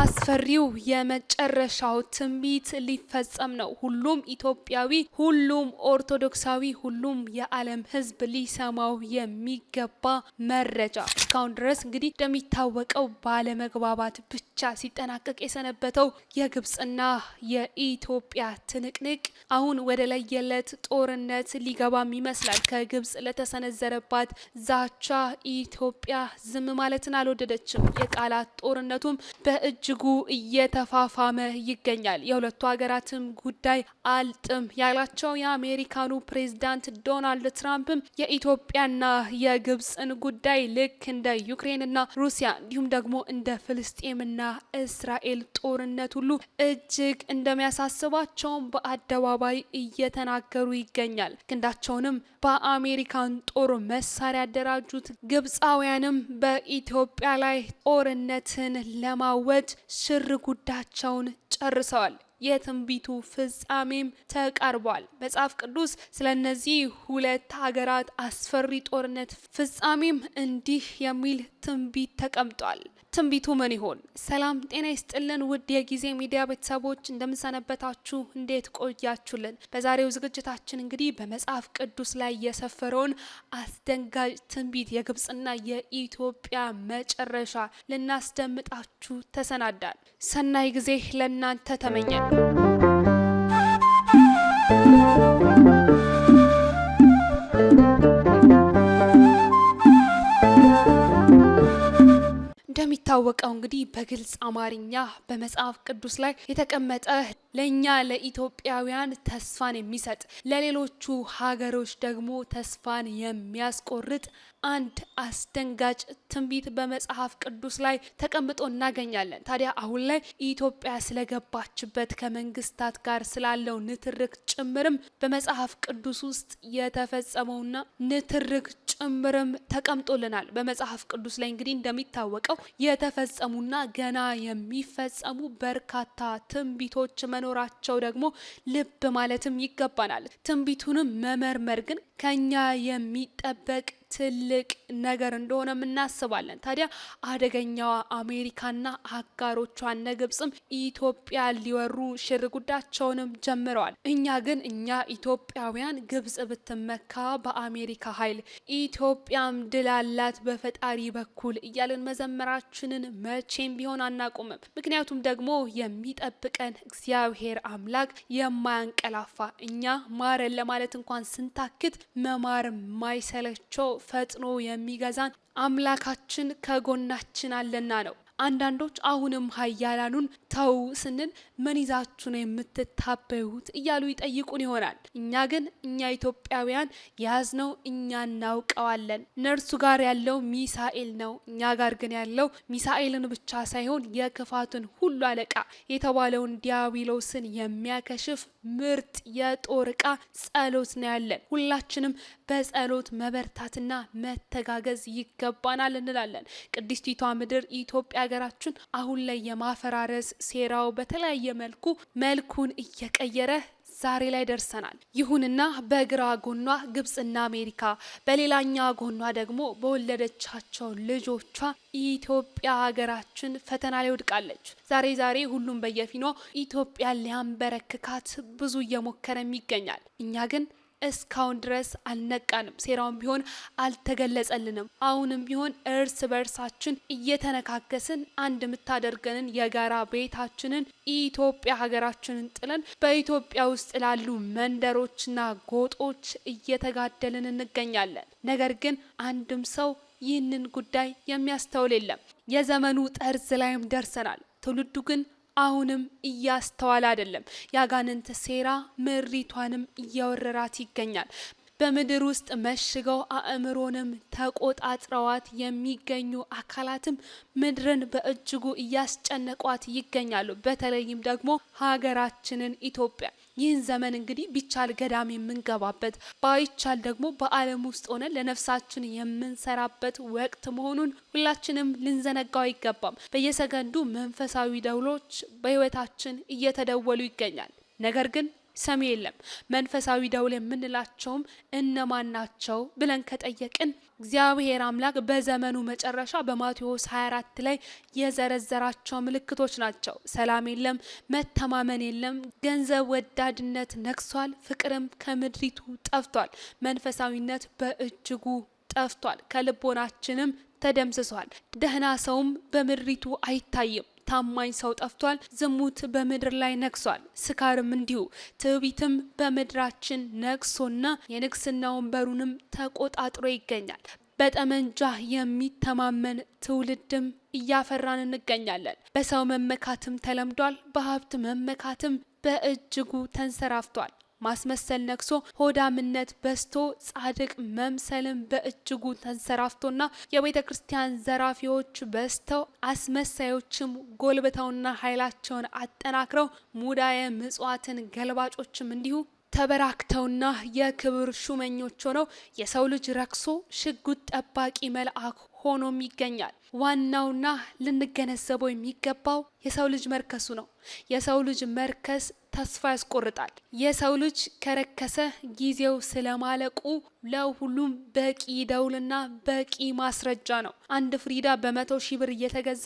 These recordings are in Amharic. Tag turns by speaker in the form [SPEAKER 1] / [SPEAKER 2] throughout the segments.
[SPEAKER 1] አስፈሪው የመጨረሻው ትንቢት ሊፈጸም ነው። ሁሉም ኢትዮጵያዊ፣ ሁሉም ኦርቶዶክሳዊ፣ ሁሉም የዓለም ሕዝብ ሊሰማው የሚገባ መረጃ። እስካሁን ድረስ እንግዲህ እንደሚታወቀው ባለመግባባት ብቻ ሲጠናቀቅ የሰነበተው የግብጽና የኢትዮጵያ ትንቅንቅ አሁን ወደ ለየለት ጦርነት ሊገባም ይመስላል። ከግብጽ ለተሰነዘረባት ዛቻ ኢትዮጵያ ዝም ማለትን አልወደደችም። የቃላት ጦርነቱም በእጅ በእጅጉ እየተፋፋመ ይገኛል። የሁለቱ ሀገራትም ጉዳይ አልጥም ያላቸው የአሜሪካኑ ፕሬዚዳንት ዶናልድ ትራምፕም የኢትዮጵያና የግብፅን ጉዳይ ልክ እንደ ዩክሬንና ሩሲያ እንዲሁም ደግሞ እንደ ፍልስጤምና እስራኤል ጦርነት ሁሉ እጅግ እንደሚያሳስባቸውም በአደባባይ እየተናገሩ ይገኛል። ክንዳቸውንም በአሜሪካን ጦር መሳሪያ ያደራጁት ግብፃውያንም በኢትዮጵያ ላይ ጦርነትን ለማወጅ ስር ጉዳቸውን ጨርሰዋል። የትንቢቱ ፍጻሜም ተቀርቧል። መጽሐፍ ቅዱስ ስለ እነዚህ ሁለት ሀገራት አስፈሪ ጦርነት ፍጻሜም እንዲህ የሚል ትንቢት ተቀምጧል። ትንቢቱ ምን ይሆን? ሰላም ጤና ይስጥልን ውድ የጊዜ ሚዲያ ቤተሰቦች እንደምንሰነበታችሁ፣ እንዴት ቆያችሁልን? በዛሬው ዝግጅታችን እንግዲህ በመጽሐፍ ቅዱስ ላይ የሰፈረውን አስደንጋጭ ትንቢት የግብጽና የኢትዮጵያ መጨረሻ ልናስደምጣችሁ ተሰናዳል። ሰናይ ጊዜ ለእናንተ ተመኘን። እንደሚታወቀው እንግዲህ በግልጽ አማርኛ በመጽሐፍ ቅዱስ ላይ የተቀመጠ ለእኛ ለኢትዮጵያውያን ተስፋን የሚሰጥ ለሌሎቹ ሀገሮች ደግሞ ተስፋን የሚያስቆርጥ አንድ አስደንጋጭ ትንቢት በመጽሐፍ ቅዱስ ላይ ተቀምጦ እናገኛለን። ታዲያ አሁን ላይ ኢትዮጵያ ስለገባችበት ከመንግስታት ጋር ስላለው ንትርክ ጭምርም በመጽሐፍ ቅዱስ ውስጥ የተፈጸመውና ንትርክ ጭምርም ተቀምጦልናል። በመጽሐፍ ቅዱስ ላይ እንግዲህ እንደሚታወቀው የተፈጸሙና ገና የሚፈጸሙ በርካታ ትንቢቶች መኖራቸው ደግሞ ልብ ማለትም ይገባናል። ትንቢቱንም መመርመር ግን ከኛ የሚጠበቅ ትልቅ ነገር እንደሆነ እናስባለን። ታዲያ አደገኛዋ አሜሪካና አጋሮቿ እነ ግብጽም ኢትዮጵያ ሊወሩ ሽር ጉዳቸውንም ጀምረዋል። እኛ ግን እኛ ኢትዮጵያውያን ግብጽ ብትመካ በአሜሪካ ኃይል ኢትዮጵያም ድል አላት በፈጣሪ በኩል እያለን መዘመራችንን መቼም ቢሆን አናቁምም። ምክንያቱም ደግሞ የሚጠብቀን እግዚአብሔር አምላክ የማያንቀላፋ እኛ ማረን ለማለት እንኳን ስንታክት መማር ማይሰለቸው ፈጥኖ የሚገዛን አምላካችን ከጎናችን አለና ነው። አንዳንዶች አሁንም ሀያላኑን ተው ስንል ምን ይዛችሁ ነው የምትታበዩት እያሉ ይጠይቁን ይሆናል። እኛ ግን እኛ ኢትዮጵያውያን የያዝነው እኛ እናውቀዋለን። እነርሱ ጋር ያለው ሚሳኤል ነው። እኛ ጋር ግን ያለው ሚሳኤልን ብቻ ሳይሆን የክፋትን ሁሉ አለቃ የተባለውን ዲያብሎስን የሚያከሽፍ ምርጥ የጦር እቃ ጸሎት ነው ያለን። ሁላችንም በጸሎት መበርታትና መተጋገዝ ይገባናል እንላለን። ቅድስቲቷ ምድር ኢትዮጵያ ሀገራችን አሁን ላይ የማፈራረስ ሴራው በተለያየ መልኩ መልኩን እየቀየረ ዛሬ ላይ ደርሰናል። ይሁንና በግራ ጎኗ ግብጽና አሜሪካ፣ በሌላኛ ጎኗ ደግሞ በወለደቻቸው ልጆቿ ኢትዮጵያ ሀገራችን ፈተና ላይ ወድቃለች። ዛሬ ዛሬ ሁሉም በየፊኖ ኢትዮጵያ ሊያንበረክካት ብዙ እየሞከረም ይገኛል። እኛ ግን እስካሁን ድረስ አልነቃንም። ሴራውም ቢሆን አልተገለጸልንም። አሁንም ቢሆን እርስ በእርሳችን እየተነካከስን አንድ የምታደርገንን የጋራ ቤታችንን ኢትዮጵያ ሀገራችንን ጥለን በኢትዮጵያ ውስጥ ላሉ መንደሮችና ጎጦች እየተጋደልን እንገኛለን። ነገር ግን አንድም ሰው ይህንን ጉዳይ የሚያስተውል የለም። የዘመኑ ጠርዝ ላይም ደርሰናል። ትውልዱ ግን አሁንም እያስተዋለ አይደለም። ያጋንንት ሴራ ምሪቷንም እያወረራት ይገኛል። በምድር ውስጥ መሽገው አእምሮንም ተቆጣጥረዋት የሚገኙ አካላትም ምድርን በእጅጉ እያስጨነቋት ይገኛሉ። በተለይም ደግሞ ሀገራችንን ኢትዮጵያ ይህን ዘመን እንግዲህ ቢቻል ገዳም የምንገባበት ባይቻል ደግሞ በዓለም ውስጥ ሆነ ለነፍሳችን የምንሰራበት ወቅት መሆኑን ሁላችንም ልንዘነጋው አይገባም። በየሰገንዱ መንፈሳዊ ደውሎች በህይወታችን እየተደወሉ ይገኛል። ነገር ግን ሰሚ የለም። መንፈሳዊ ደውል የምንላቸውም እነማን ናቸው ብለን ከጠየቅን እግዚአብሔር አምላክ በዘመኑ መጨረሻ በማቴዎስ 24 ላይ የዘረዘራቸው ምልክቶች ናቸው። ሰላም የለም፣ መተማመን የለም፣ ገንዘብ ወዳድነት ነግሷል፣ ፍቅርም ከምድሪቱ ጠፍቷል፣ መንፈሳዊነት በእጅጉ ጠፍቷል፣ ከልቦናችንም ተደምስሷል። ደህና ሰውም በምድሪቱ አይታይም። ታማኝ ሰው ጠፍቷል። ዝሙት በምድር ላይ ነግሷል። ስካርም እንዲሁ ትዕቢትም በምድራችን ነግሶና የንግስና ወንበሩንም ተቆጣጥሮ ይገኛል። በጠመንጃ የሚተማመን ትውልድም እያፈራን እንገኛለን። በሰው መመካትም ተለምዷል። በሀብት መመካትም በእጅጉ ተንሰራፍቷል። ማስመሰል ነግሶ ሆዳምነት በስቶ ጻድቅ መምሰልን በእጅጉ ተንሰራፍቶና የቤተ ክርስቲያን ዘራፊዎች በስተው አስመሳዮችም ጎልብተውና ኃይላቸውን አጠናክረው ሙዳየ ምጽዋትን ገልባጮችም እንዲሁ ተበራክተውና የክብር ሹመኞች ሆነው የሰው ልጅ ረክሶ ሽጉጥ ጠባቂ መልአክ ሆኖም ይገኛል። ዋናውና ልንገነዘበው የሚገባው የሰው ልጅ መርከሱ ነው። የሰው ልጅ መርከስ ተስፋ ያስቆርጣል። የሰው ልጅ ከረከሰ ጊዜው ስለማለቁ ለሁሉም በቂ ደውልና በቂ ማስረጃ ነው። አንድ ፍሪዳ በመቶ ሺህ ብር እየተገዛ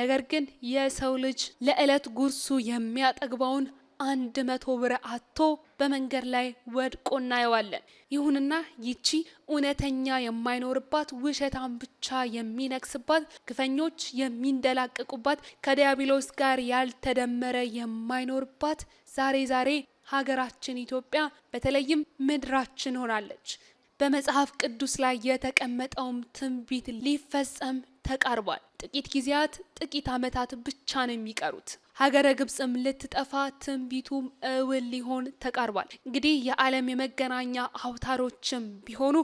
[SPEAKER 1] ነገር ግን የሰው ልጅ ለዕለት ጉርሱ የሚያጠግበውን አንድ መቶ ብር አጥቶ በመንገድ ላይ ወድቆ እናየዋለን። ይሁንና ይቺ እውነተኛ የማይኖርባት ውሸታም ብቻ የሚነግስባት፣ ግፈኞች የሚንደላቀቁባት፣ ከዲያብሎስ ጋር ያልተደመረ የማይኖርባት ዛሬ ዛሬ ሀገራችን ኢትዮጵያ በተለይም ምድራችን ሆናለች። በመጽሐፍ ቅዱስ ላይ የተቀመጠውም ትንቢት ሊፈጸም ተቃርቧል። ጥቂት ጊዜያት፣ ጥቂት ዓመታት ብቻ ነው የሚቀሩት። ሀገረ ግብፅም ልትጠፋ ትንቢቱም እውን ሊሆን ተቃርቧል። እንግዲህ የዓለም የመገናኛ አውታሮችም ቢሆኑ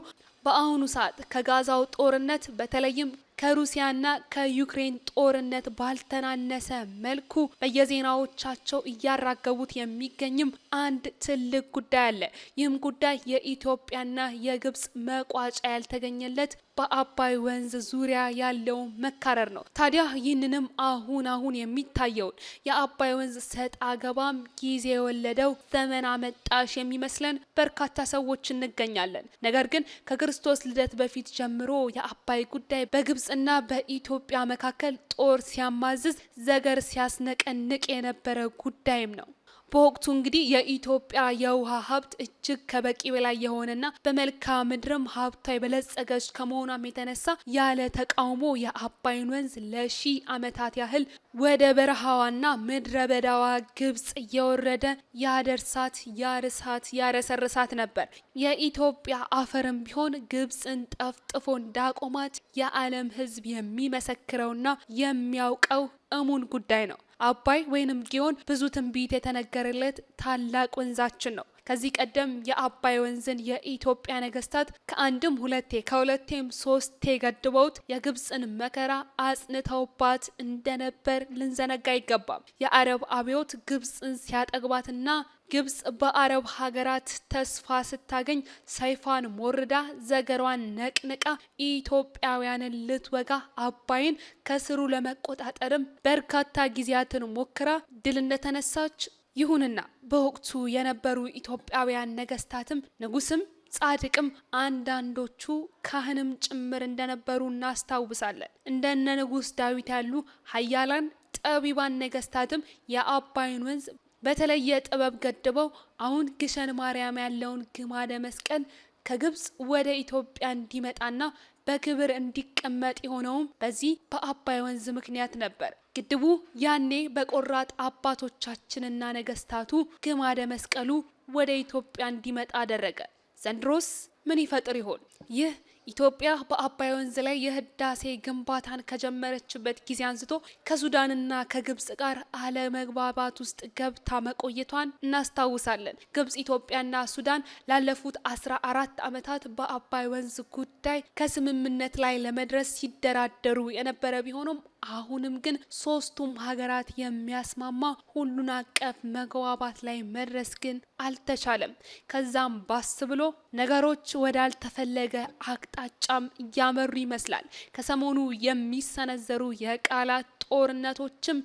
[SPEAKER 1] በአሁኑ ሰዓት ከጋዛው ጦርነት በተለይም ከሩሲያና ከዩክሬን ጦርነት ባልተናነሰ መልኩ በየዜናዎቻቸው እያራገቡት የሚገኝም አንድ ትልቅ ጉዳይ አለ። ይህም ጉዳይ የኢትዮጵያና የግብጽ መቋጫ ያልተገኘለት በአባይ ወንዝ ዙሪያ ያለው መካረር ነው። ታዲያ ይህንንም አሁን አሁን የሚታየውን የአባይ ወንዝ ሰጥ አገባም ጊዜ የወለደው ዘመን አመጣሽ የሚመስለን በርካታ ሰዎች እንገኛለን። ነገር ግን ከክርስቶስ ልደት በፊት ጀምሮ የአባይ ጉዳይ በግብፅና በኢትዮጵያ መካከል ጦር ሲያማዝዝ፣ ዘገር ሲያስነቀንቅ የነበረ ጉዳይም ነው። በወቅቱ እንግዲህ የኢትዮጵያ የውሃ ሀብት እጅግ ከበቂ በላይ የሆነና በመልክዓ ምድርም ሀብቷ የበለጸገች ከመሆኗም የተነሳ ያለ ተቃውሞ የአባይን ወንዝ ለሺህ ዓመታት ያህል ወደ በረሃዋና ምድረ በዳዋ ግብጽ እየወረደ ያደርሳት፣ ያርሳት፣ ያረሰርሳት ነበር። የኢትዮጵያ አፈርም ቢሆን ግብጽን ጠፍጥፎ እንዳቆማት የዓለም ሕዝብ የሚመሰክረውና የሚያውቀው እሙን ጉዳይ ነው። አባይ ወይንም ጊዮን ብዙ ትንቢት የተነገረለት ታላቅ ወንዛችን ነው። ከዚህ ቀደም የአባይ ወንዝን የኢትዮጵያ ነገስታት ከአንድም ሁለቴ ከሁለቴም ሶስቴ ገድበውት የግብፅን መከራ አጽንተውባት እንደነበር ልንዘነጋ አይገባም። የአረብ አብዮት ግብፅን ሲያጠግባትና ግብጽ በአረብ ሀገራት ተስፋ ስታገኝ ሰይፏን ሞርዳ ዘገሯን ነቅንቃ ኢትዮጵያውያንን ልትወጋ አባይን ከስሩ ለመቆጣጠርም በርካታ ጊዜያትን ሞክራ ድል እንደተነሳች ይሁንና በወቅቱ የነበሩ ኢትዮጵያውያን ነገስታትም ንጉስም ጻድቅም አንዳንዶቹ ካህንም ጭምር እንደነበሩ እናስታውሳለን። እንደነ ንጉስ ዳዊት ያሉ ሀያላን ጠቢባን ነገስታትም የአባይን ወንዝ በተለየ ጥበብ ገድበው አሁን ግሸን ማርያም ያለውን ግማደ መስቀል ከግብፅ ወደ ኢትዮጵያ እንዲመጣና በክብር እንዲቀመጥ የሆነውም በዚህ በአባይ ወንዝ ምክንያት ነበር። ግድቡ ያኔ በቆራጥ አባቶቻችንና ነገስታቱ ግማደ መስቀሉ ወደ ኢትዮጵያ እንዲመጣ አደረገ። ዘንድሮስ ምን ይፈጥር ይሆን? ይህ ኢትዮጵያ በአባይ ወንዝ ላይ የህዳሴ ግንባታን ከጀመረችበት ጊዜ አንስቶ ከሱዳንና ከግብጽ ጋር አለመግባባት ውስጥ ገብታ መቆየቷን እናስታውሳለን። ግብጽ፣ ኢትዮጵያና ሱዳን ላለፉት አስራ አራት ዓመታት በአባይ ወንዝ ጉዳይ ከስምምነት ላይ ለመድረስ ሲደራደሩ የነበረ ቢሆኑም አሁንም ግን ሶስቱም ሀገራት የሚያስማማ ሁሉን አቀፍ መግባባት ላይ መድረስ ግን አልተቻለም። ከዛም ባስ ብሎ ነገሮች ወዳልተፈለገ አቅጣጫም እያመሩ ይመስላል። ከሰሞኑ የሚሰነዘሩ የቃላት ጦርነቶችም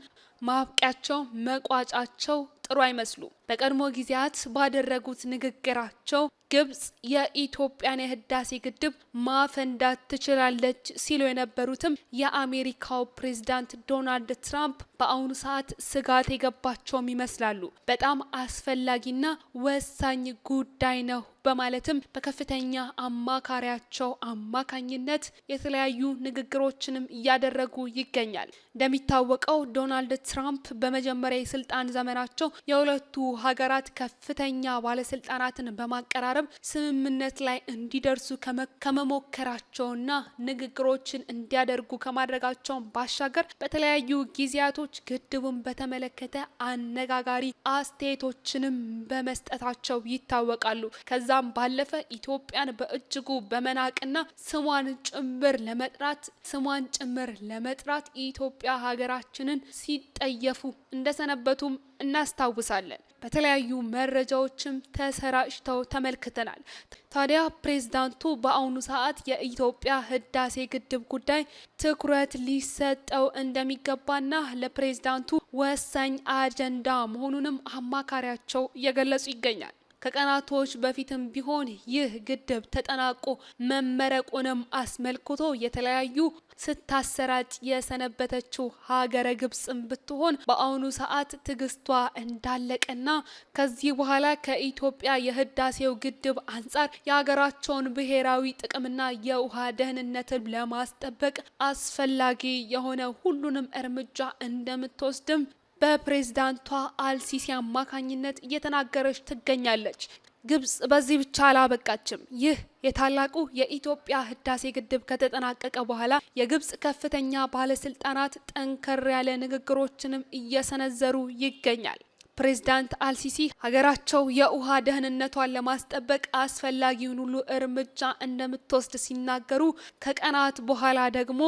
[SPEAKER 1] ማብቂያቸው መቋጫቸው ጥሩ አይመስሉም። በቀድሞ ጊዜያት ባደረጉት ንግግራቸው ግብጽ የኢትዮጵያን የህዳሴ ግድብ ማፈንዳት ትችላለች ሲሉ የነበሩትም የአሜሪካው ፕሬዝዳንት ዶናልድ ትራምፕ በአሁኑ ሰዓት ስጋት የገባቸውም ይመስላሉ። በጣም አስፈላጊና ወሳኝ ጉዳይ ነው በማለትም በከፍተኛ አማካሪያቸው አማካኝነት የተለያዩ ንግግሮችንም እያደረጉ ይገኛል። እንደሚታወቀው ዶናልድ ትራምፕ በመጀመሪያ የስልጣን ዘመናቸው የሁለቱ ሀገራት ከፍተኛ ባለስልጣናትን በማቀራረብ ስምምነት ላይ እንዲደርሱ ከመሞከራቸውና ንግግሮችን እንዲያደርጉ ከማድረጋቸው ባሻገር በተለያዩ ጊዜያቶች ግድቡን በተመለከተ አነጋጋሪ አስተያየቶችንም በመስጠታቸው ይታወቃሉ። ከዛም ባለፈ ኢትዮጵያን በእጅጉ በመናቅና ስሟን ጭምር ለመጥራት ስሟን ጭምር ለመጥራት ኢትዮጵያ ሀገራችንን ሲጠየፉ እንደሰነበቱም እናስታውሳለን። በተለያዩ መረጃዎችም ተሰራጭተው ተመልክተናል። ታዲያ ፕሬዝዳንቱ በአሁኑ ሰዓት የኢትዮጵያ ህዳሴ ግድብ ጉዳይ ትኩረት ሊሰጠው እንደሚገባና ለፕሬዝዳንቱ ወሳኝ አጀንዳ መሆኑንም አማካሪያቸው እየገለጹ ይገኛል። ከቀናቶች በፊትም ቢሆን ይህ ግድብ ተጠናቆ መመረቁንም አስመልክቶ የተለያዩ ስታሰራጭ የሰነበተችው ሀገረ ግብፅም ብትሆን በአሁኑ ሰዓት ትዕግስቷ እንዳለቀና ከዚህ በኋላ ከኢትዮጵያ የህዳሴው ግድብ አንጻር የሀገራቸውን ብሔራዊ ጥቅምና የውሃ ደህንነትን ለማስጠበቅ አስፈላጊ የሆነ ሁሉንም እርምጃ እንደምትወስድም በፕሬዝዳንቷ አልሲሲ አማካኝነት እየተናገረች ትገኛለች። ግብጽ በዚህ ብቻ አላበቃችም። ይህ የታላቁ የኢትዮጵያ ህዳሴ ግድብ ከተጠናቀቀ በኋላ የግብጽ ከፍተኛ ባለስልጣናት ጠንከር ያለ ንግግሮችንም እየሰነዘሩ ይገኛል። ፕሬዝዳንት አልሲሲ ሀገራቸው የውሃ ደህንነቷን ለማስጠበቅ አስፈላጊውን ሁሉ እርምጃ እንደምትወስድ ሲናገሩ ከቀናት በኋላ ደግሞ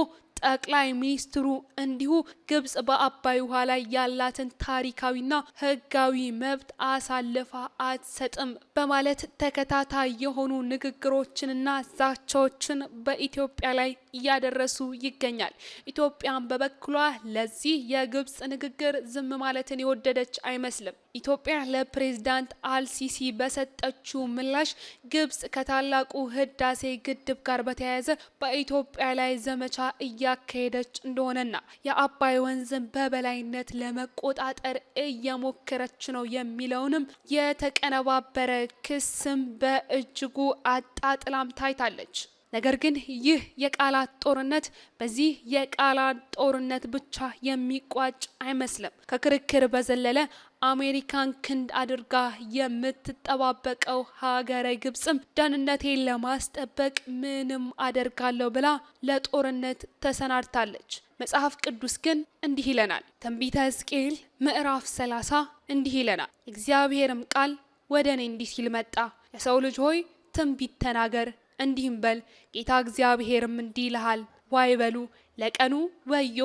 [SPEAKER 1] ጠቅላይ ሚኒስትሩ እንዲሁ ግብጽ በአባይ ውሃ ላይ ያላትን ታሪካዊና ህጋዊ መብት አሳልፋ አትሰጥም በማለት ተከታታይ የሆኑ ንግግሮችንና ዛቻዎችን በኢትዮጵያ ላይ እያደረሱ ይገኛል። ኢትዮጵያን በበኩሏ ለዚህ የግብጽ ንግግር ዝም ማለትን የወደደች አይመስልም። ኢትዮጵያ ለፕሬዝዳንት አልሲሲ በሰጠችው ምላሽ ግብጽ ከታላቁ ህዳሴ ግድብ ጋር በተያያዘ በኢትዮጵያ ላይ ዘመቻ እያካሄደች እንደሆነና የአባይ ወንዝን በበላይነት ለመቆጣጠር እየሞከረች ነው የሚለውንም የተቀነባበረ ክስም በእጅጉ አጣጥላም ታይታለች። ነገር ግን ይህ የቃላት ጦርነት በዚህ የቃላት ጦርነት ብቻ የሚቋጭ አይመስልም። ከክርክር በዘለለ አሜሪካን ክንድ አድርጋ የምትጠባበቀው ሀገረ ግብፅም ደህንነቴን ለማስጠበቅ ምንም አደርጋለሁ ብላ ለጦርነት ተሰናድታለች። መጽሐፍ ቅዱስ ግን እንዲህ ይለናል። ትንቢተ ሕዝቅኤል ምዕራፍ 30 እንዲህ ይለናል። እግዚአብሔርም ቃል ወደ እኔ እንዲህ ሲል መጣ፣ የሰው ልጅ ሆይ ትንቢት ተናገር እንዲህም በል ጌታ እግዚአብሔርም እንዲህ ይልሃል፣ ዋይ በሉ ለቀኑ ወዮ!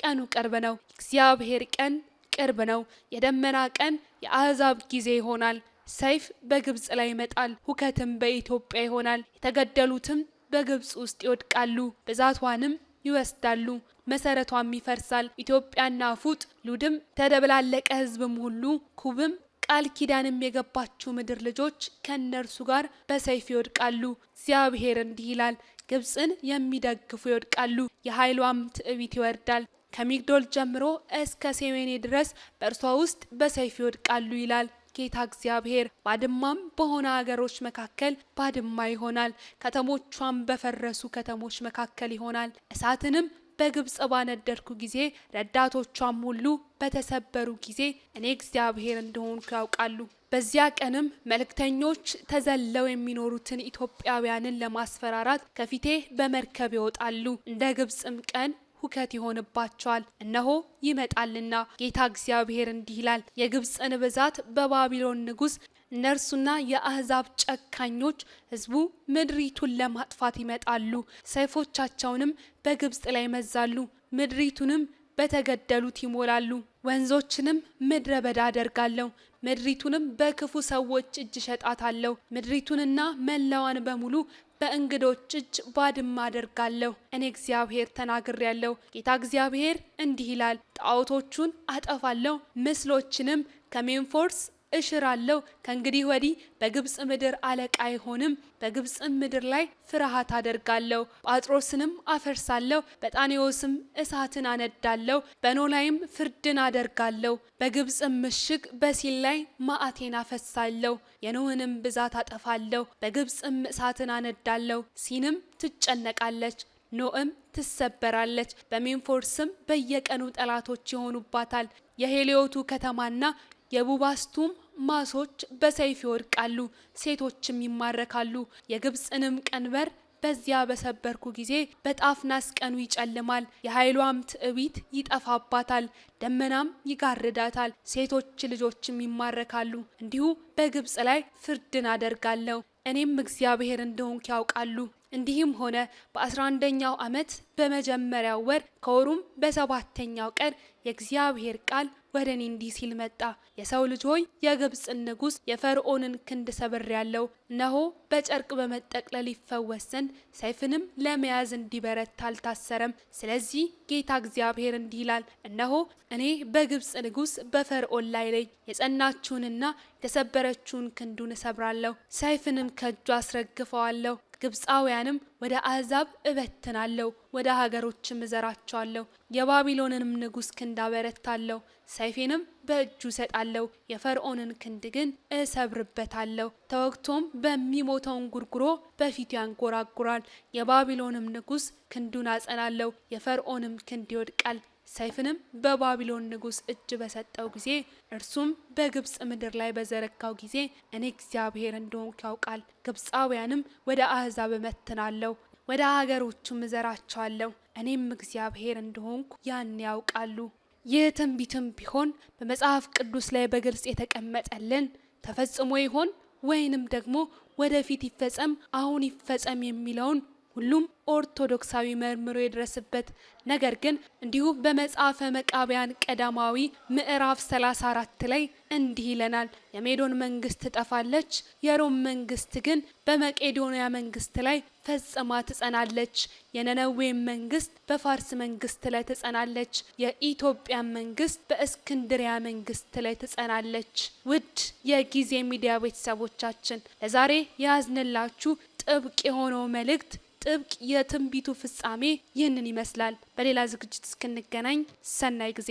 [SPEAKER 1] ቀኑ ቅርብ ነው። እግዚአብሔር ቀን ቅርብ ነው። የደመና ቀን የአሕዛብ ጊዜ ይሆናል። ሰይፍ በግብፅ ላይ ይመጣል፣ ሁከትም በኢትዮጵያ ይሆናል። የተገደሉትም በግብፅ ውስጥ ይወድቃሉ፣ ብዛቷንም ይወስዳሉ፣ መሰረቷም ይፈርሳል። ኢትዮጵያና ፉጥ ሉድም ተደበላለቀ፣ ሕዝብም ሁሉ ኩብም ቃል ኪዳንም የገባችው ምድር ልጆች ከእነርሱ ጋር በሰይፍ ይወድቃሉ። እግዚአብሔር እንዲህ ይላል፣ ግብፅን የሚደግፉ ይወድቃሉ፣ የኃይሏም ትዕቢት ይወርዳል። ከሚግዶል ጀምሮ እስከ ሴዌኔ ድረስ በእርሷ ውስጥ በሰይፍ ይወድቃሉ ይላል ጌታ እግዚአብሔር። ባድማም በሆነ አገሮች መካከል ባድማ ይሆናል፣ ከተሞቿም በፈረሱ ከተሞች መካከል ይሆናል። እሳትንም በግብጽ ባነደርኩ ጊዜ ረዳቶቿም ሁሉ በተሰበሩ ጊዜ እኔ እግዚአብሔር እንደሆንኩ ያውቃሉ። በዚያ ቀንም መልእክተኞች ተዘለው የሚኖሩትን ኢትዮጵያውያንን ለማስፈራራት ከፊቴ በመርከብ ይወጣሉ። እንደ ግብጽም ቀን ሁከት ይሆንባቸዋል። እነሆ ይመጣልና ጌታ እግዚአብሔር እንዲህ ይላል፣ የግብፅን ብዛት በባቢሎን ንጉሥ እነርሱና የአህዛብ ጨካኞች ህዝቡ ምድሪቱን ለማጥፋት ይመጣሉ፣ ሰይፎቻቸውንም በግብጽ ላይ ይመዛሉ፣ ምድሪቱንም በተገደሉት ይሞላሉ። ወንዞችንም ምድረ በዳ አደርጋለሁ፣ ምድሪቱንም በክፉ ሰዎች እጅ እሸጣታለሁ። ምድሪቱንና መላዋን በሙሉ በእንግዶች እጅ ባድማ አደርጋለሁ። እኔ እግዚአብሔር ተናግሬያለሁ። ጌታ እግዚአብሔር እንዲህ ይላል፣ ጣዖቶቹን አጠፋለሁ፣ ምስሎችንም ከሜንፎርስ እሽራለሁ። ከእንግዲህ ወዲህ በግብፅ ምድር አለቃ አይሆንም፣ በግብፅ ምድር ላይ ፍርሃት አደርጋለሁ። ጳጥሮስንም አፈርሳለሁ፣ በጣኔዎስም እሳትን አነዳለሁ፣ በኖ ላይም ፍርድን አደርጋለሁ። በግብፅም ምሽግ በሲል ላይ መዓቴን አፈሳለሁ፣ የኖህንም ብዛት አጠፋለሁ። በግብፅም እሳትን አነዳለሁ። ሲንም ትጨነቃለች፣ ኖእም ትሰበራለች። በሜንፎርስም በየቀኑ ጠላቶች ይሆኑባታል። የሄሊዮቱ ከተማና የቡባስቱም ማሶች በሰይፍ ይወድቃሉ፣ ሴቶችም ይማረካሉ። የግብፅንም ቀንበር በዚያ በሰበርኩ ጊዜ በጣፍናስ ቀኑ ይጨልማል፣ የኃይሏም ትዕቢት ይጠፋባታል፣ ደመናም ይጋርዳታል፣ ሴቶች ልጆችም ይማረካሉ። እንዲሁ በግብፅ ላይ ፍርድን አደርጋለሁ። እኔም እግዚአብሔር እንደሆንኩ ያውቃሉ። እንዲህም ሆነ በ በ11ኛው ዓመት በመጀመሪያው ወር ከወሩም በሰባተኛው ቀን የእግዚአብሔር ቃል ወደ እኔ እንዲህ ሲል መጣ። የሰው ልጅ ሆይ የግብፅን ንጉሥ የፈርዖንን ክንድ ሰብር ያለው እነሆ በጨርቅ በመጠቅለል ይፈወስ ዘንድ ሰይፍንም ለመያዝ እንዲበረታ አልታሰረም። ስለዚህ ጌታ እግዚአብሔር እንዲህ ይላል፣ እነሆ እኔ በግብፅ ንጉሥ በፈርዖን ላይ ነኝ። የጸናችውንና የተሰበረችውን ክንዱን እሰብራለሁ፣ ሰይፍንም ከእጁ አስረግፈዋለሁ። ግብፃውያንም ወደ አሕዛብ እበትናለሁ፣ ወደ ሀገሮችም እዘራቸዋለሁ። የባቢሎንንም ንጉሥ ክንድ አበረታለሁ፣ ሰይፌንም በእጁ እሰጣለሁ። የፈርዖንን ክንድ ግን እሰብርበታለሁ፣ ተወግቶም በሚሞተው እንጉርጉሮ በፊቱ ያንጎራጉራል። የባቢሎንም ንጉሥ ክንዱን አጸናለሁ፣ የፈርዖንም ክንድ ይወድቃል። ሰይፍንም በባቢሎን ንጉስ እጅ በሰጠው ጊዜ እርሱም በግብፅ ምድር ላይ በዘረጋው ጊዜ እኔ እግዚአብሔር እንደሆንኩ ያውቃል። ግብፃውያንም ወደ አህዛብ እበትናለሁ፣ ወደ አገሮቹም እዘራቸዋለሁ። እኔም እግዚአብሔር እንደሆንኩ ያን ያውቃሉ። ይህ ትንቢትም ቢሆን በመጽሐፍ ቅዱስ ላይ በግልጽ የተቀመጠልን ተፈጽሞ ይሆን ወይንም ደግሞ ወደፊት ይፈጸም አሁን ይፈጸም የሚለውን ሁሉም ኦርቶዶክሳዊ መርምሮ የደረሰበት ነገር ግን እንዲሁም በመጽሐፈ መቃቢያን ቀዳማዊ ምዕራፍ 34 ላይ እንዲህ ይለናል፣ የሜዶን መንግስት ትጠፋለች፣ የሮም መንግስት ግን በመቄዶንያ መንግስት ላይ ፈጽማ ትጸናለች። የነነዌም መንግስት በፋርስ መንግስት ላይ ትጸናለች። የኢትዮጵያ መንግስት በእስክንድሪያ መንግስት ላይ ትጸናለች። ውድ የጊዜ ሚዲያ ቤተሰቦቻችን ለዛሬ ያዝንላችሁ ጥብቅ የሆነው መልእክት ጥብቅ የትንቢቱ ፍጻሜ ይህንን ይመስላል። በሌላ ዝግጅት እስክንገናኝ ሰናይ ጊዜ